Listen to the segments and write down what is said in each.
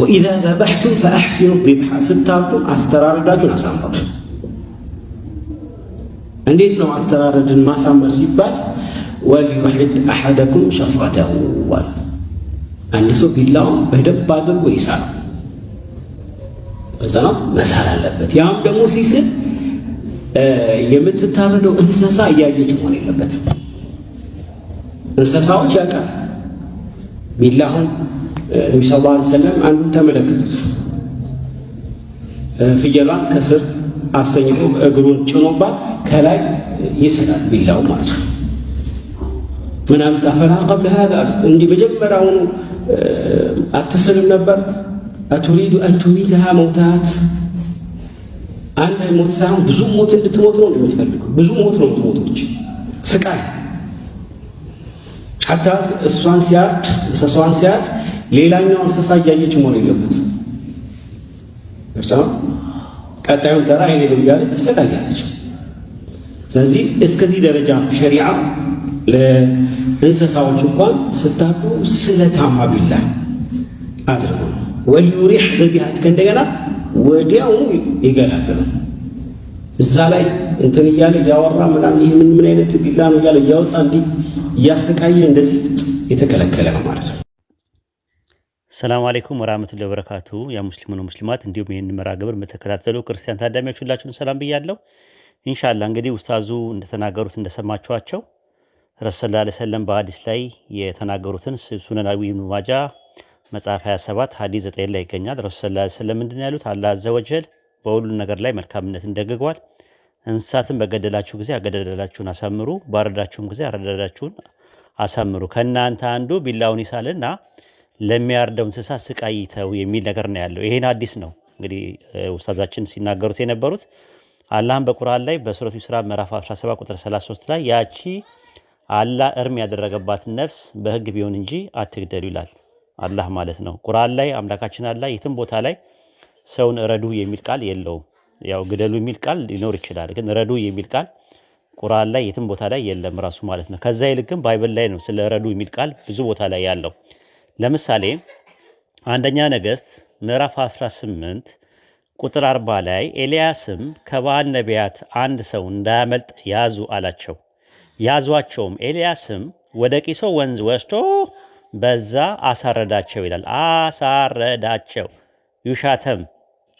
ወኢዛ ዘበሕቱም ፈአሕሲኑ ዚብሓ ስታርቱ አስተራረዳችሁን አሳምሩ። እንዴት ነው አስተራረድን ማሳመር ሲባል ወልዩሕድ አሐደኩም ሸፍረተሁ ዋል አንድ ሰው ቢላውን በደብ አድርጎ ይሳል። እዛ ነው መሳል አለበት። ያም ደግሞ ሲስል የምትታረደው እንስሳ እያየች መሆን የለበትም። እንስሳዎች ያውቃል ቢላሁን ነቢ ስ ላ ሰለም አንዱን ተመለከቱት። ፍየሏን ከስር አስተኝቶ እግሩን ጭኖባት ከላይ ይስላል ቢላው ማለት ነው። ምናምን ታፈና ቀብለ ሀዛ እንዲህ መጀመሪያውኑ አትስልም ነበር። አቱሪዱ አንቱሚትሃ መውታት አንድ ሞት ሳይሆን ብዙ ሞት እንድትሞት ነው እንደምትፈልገው። ብዙ ሞት ነው የምትሞቶች ስቃይ ሀታ እሷን ሲያድ እንስሳዋን ሲያድ ሌላኛው እንስሳ እያየች መሆን የለበትም። እርሷ ቀጣዩን ተራ አይኔ ነው እያለች ትሰቃያለች። ስለዚህ እስከዚህ ደረጃ ሸሪዓ ለእንስሳዎች እንኳን ስታቁ ስለታማ ቢላ አድርጉ። ወሊዩሪሕ በቢሃት ከእንደገና ወዲያው ይገላግላል። እዛ ላይ እንትን እያለ እያወራ ምናምን ይህ ምን ምን አይነት ቢላ ነው እያለ እያወጣ እንዲህ እያሰቃየ እንደዚህ የተከለከለ ነው ማለት ነው። ሰላም አለይኩም ወራህመቱላሂ ወበረካቱ የሙስሊሙን ሙስሊማት እንዲሁም ይህን መርሃ ግብር የምትከታተሉ ክርስቲያን ታዳሚዎች ሁላችሁን ሰላም ብያለሁ። ኢንሻላ እንግዲህ ውስታዙ እንደተናገሩት እንደሰማችኋቸው ረሱል ላ ሰለም በሀዲስ ላይ የተናገሩትን ሱነናዊ ማጃ መጽሐፍ 27 ሀዲስ 9 ላይ ይገኛል። ረሱላ ሰለላሁ ዐለይሂ ምንድን ያሉት? አላ አዘወጀል በሁሉ ነገር ላይ መልካምነትን ደግጓል። እንስሳትን በገደላችሁ ጊዜ አገደላችሁን አሳምሩ፣ ባረዳችሁም ጊዜ አረዳዳችሁን አሳምሩ። ከእናንተ አንዱ ቢላውን ይሳልና ለሚያርደው እንስሳ ስቃይ ተው የሚል ነገር ነው ያለው። ይሄን አዲስ ነው እንግዲህ ውስታዛችን ሲናገሩት የነበሩት አላህም በቁርአን ላይ በሱረቱ ስራ ምዕራፍ 17 ቁጥር 33 ላይ ያቺ አላህ እርም ያደረገባት ነፍስ በህግ ቢሆን እንጂ አትግደሉ ይላል። አላህ ማለት ነው። ቁርአን ላይ አምላካችን አላህ የትም ቦታ ላይ ሰውን ረዱ የሚል ቃል የለውም። ያው ግደሉ የሚል ቃል ሊኖር ይችላል፣ ግን ረዱ የሚል ቃል ቁርአን ላይ የትም ቦታ ላይ የለም ራሱ ማለት ነው። ከዛ ይልቅም ግን ባይብል ላይ ነው ስለ ረዱ የሚል ቃል ብዙ ቦታ ላይ ያለው። ለምሳሌ አንደኛ ነገሥት ምዕራፍ 18 ቁጥር 40 ላይ ኤልያስም ከበዓል ነቢያት አንድ ሰው እንዳያመልጥ ያዙ አላቸው። ያዟቸውም። ኤልያስም ወደ ቂሶ ወንዝ ወስዶ በዛ አሳረዳቸው ይላል። አሳረዳቸው። ዩሻተም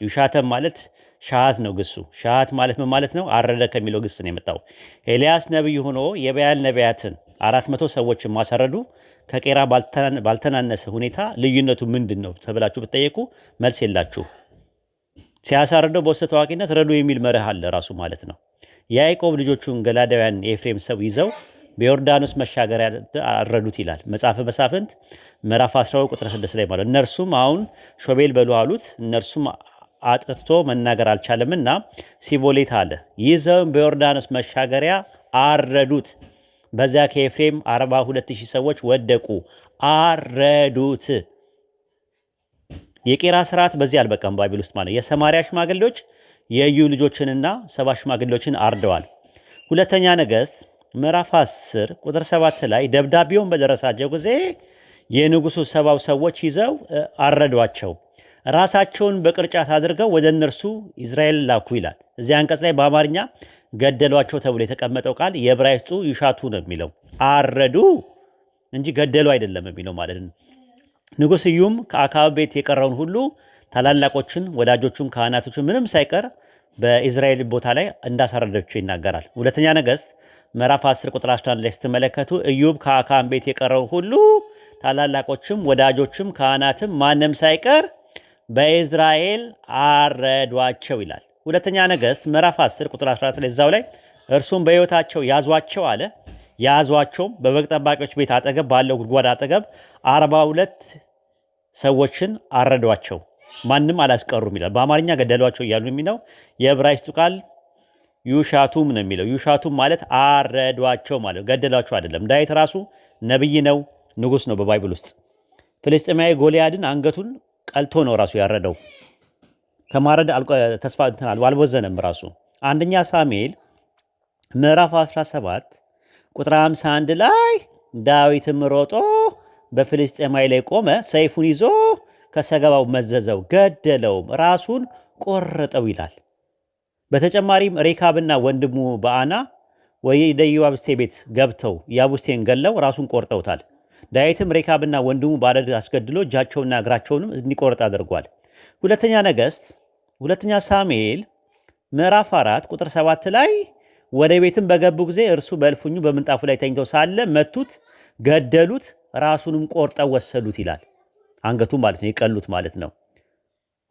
ዩሻተም ማለት ሻሃት ነው ግሱ። ሻሃት ማለት ምን ማለት ነው? አረደ ከሚለው ግስ ነው የመጣው። ኤልያስ ነቢይ ሆኖ የበዓል ነቢያትን አራት መቶ ሰዎችን ማሳረዱ ከቄራ ባልተናነሰ ሁኔታ ልዩነቱ ምንድን ነው ተብላችሁ ብትጠየቁ መልስ የላችሁ። ሲያሳርደው በወሰ ታዋቂነት ረዶ የሚል መርህ አለ ራሱ ማለት ነው። የያዕቆብ ልጆቹን ገላዳውያን የኤፍሬም ሰው ይዘው በዮርዳኖስ መሻገሪያ አረዱት ይላል መጽሐፈ መሳፍንት ምዕራፍ 12 ቁጥር 6 ላይ ማለት እነርሱም አሁን ሾቤል በሉ አሉት። እነርሱም አጥርቶ መናገር አልቻለምና ሲቦሌት አለ ይዘውን በዮርዳኖስ መሻገሪያ አረዱት። በዚያ ከኤፍሬም አርባ ሁለት ሺህ ሰዎች ወደቁ፣ አረዱት። የቄራ ስርዓት በዚህ አልበቃም። ባቢል ውስጥ ማለት የሰማሪያ ሽማግሌዎች የዩ ልጆችንና ሰባ ሽማግሌዎችን አርደዋል። ሁለተኛ ነገሥት ምዕራፍ 10 ቁጥር 7 ላይ ደብዳቤውን በደረሳቸው ጊዜ የንጉሱ ሰባው ሰዎች ይዘው አረዷቸው፣ ራሳቸውን በቅርጫት አድርገው ወደ እነርሱ እስራኤል ላኩ ይላል። እዚህ አንቀጽ ላይ በአማርኛ ገደሏቸው ተብሎ የተቀመጠው ቃል የዕብራይስጡ ይሻቱ ነው የሚለው አረዱ እንጂ ገደሉ አይደለም የሚለው ማለት ነው። ንጉሥ ኢዩም ከአካባቢ ቤት የቀረውን ሁሉ ታላላቆችን፣ ወዳጆቹን፣ ካህናቶችን ምንም ሳይቀር በኢዝራኤል ቦታ ላይ እንዳሳረደችው ይናገራል። ሁለተኛ ነገሥት ምዕራፍ 10 ቁጥር 11 ላይ ስትመለከቱ ኢዩብ ከአካን ቤት የቀረው ሁሉ ታላላቆችም፣ ወዳጆችም፣ ካህናትም ማንም ሳይቀር በኢዝራኤል አረዷቸው ይላል። ሁለተኛ ነገሥት ምዕራፍ 10 ቁጥር 14 ላይ እዛው ላይ እርሱም በሕይወታቸው ያዟቸው አለ። ያዟቸውም በበግ ጠባቂዎች ቤት አጠገብ ባለው ጉድጓድ አጠገብ 42 ሰዎችን አረዷቸው፣ ማንም አላስቀሩም ይላል። በአማርኛ ገደሏቸው እያሉ የሚለው የዕብራይስጡ ቃል ዩሻቱም ነው የሚለው። ዩሻቱም ማለት አረዷቸው ማለት ገደሏቸው አይደለም። ዳዊት ራሱ ነቢይ ነው፣ ንጉሥ ነው። በባይብል ውስጥ ፍልስጤማዊ ጎልያድን አንገቱን ቀልቶ ነው ራሱ ያረደው። ከማረድ ተስፋ እንትናል አልቦዘነም። ራሱ አንደኛ ሳሙኤል ምዕራፍ 17 ቁጥር 51 ላይ ዳዊትም ሮጦ በፍልስጤማዊ ላይ ቆመ፣ ሰይፉን ይዞ ከሰገባው መዘዘው፣ ገደለውም፣ ራሱን ቆረጠው ይላል። በተጨማሪም ሬካብና ወንድሙ በአና ወደ ኢዮአብስቴ ቤት ገብተው ኢያቡስቴን ገለው ራሱን ቆርጠውታል። ዳዊትም ሬካብና ወንድሙ ባለድ አስገድሎ እጃቸውና እግራቸውንም እንዲቆርጥ አድርጓል። ሁለተኛ ነገሥት ሁለተኛ ሳሙኤል ምዕራፍ አራት ቁጥር ሰባት ላይ ወደ ቤትም በገቡ ጊዜ እርሱ በእልፍኙ በምንጣፉ ላይ ተኝተው ሳለ መቱት፣ ገደሉት፣ ራሱንም ቆርጠው ወሰዱት ይላል። አንገቱ ማለት ነው፣ የቀሉት ማለት ነው።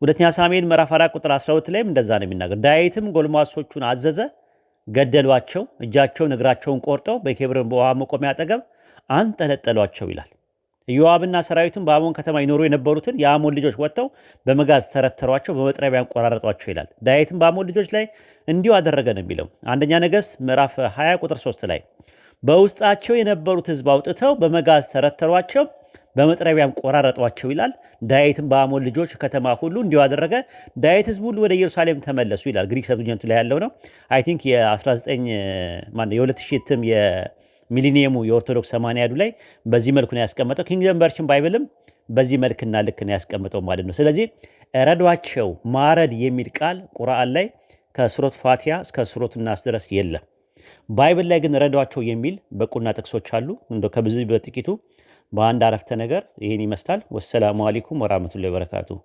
ሁለተኛ ሳሙኤል ምዕራፍ አራት ቁጥር 12 ላይም እንደዛ ነው የሚናገር። ዳዊትም ጎልማሶቹን አዘዘ፣ ገደሏቸው፣ እጃቸውን እግራቸውን ቆርጠው በኬብሮን በውሃ መቆሚያ አጠገብ አንጠለጠሏቸው ይላል። ኢዮአብና ሰራዊቱን በአሞን ከተማ ይኖሩ የነበሩትን የአሞን ልጆች ወጥተው በመጋዝ ተረተሯቸው፣ በመጥረቢያ ያንቆራረጧቸው ይላል። ዳዊትም በአሞን ልጆች ላይ እንዲሁ አደረገ ነው የሚለው አንደኛ ነገሥት ምዕራፍ 20 ቁጥር 3 ላይ በውስጣቸው የነበሩት ሕዝብ አውጥተው በመጋዝ ተረተሯቸው፣ በመጥረቢያ አንቆራረጧቸው ይላል። ዳዊትም በአሞን ልጆች ከተማ ሁሉ እንዲሁ አደረገ። ዳዊት ሕዝብ ሁሉ ወደ ኢየሩሳሌም ተመለሱ ይላል። ግሪክ ሰብጀንቱ ላይ ያለው ነው። አይ ቲንክ የ19 ማ የ2000 የ 19 የ 2000 የ ሚሊኒየሙ የኦርቶዶክስ ሰማንያዱ ላይ በዚህ መልኩ ነው ያስቀመጠው። ኪንግደም ቨርሽን ባይብልም በዚህ መልክና ልክ ነው ያስቀመጠው ማለት ነው። ስለዚህ ረዷቸው ማረድ የሚል ቃል ቁርአን ላይ ከሱረት ፋቲያ እስከ ሱረት ናስ ድረስ የለም። ባይብል ላይ ግን ረዷቸው የሚል በቁና ጥቅሶች አሉ። እንደ ከብዙ በጥቂቱ በአንድ አረፍተ ነገር ይህን ይመስላል። ወሰላሙ አሌይኩም ወራህመቱላሂ ወበረካቱሁ።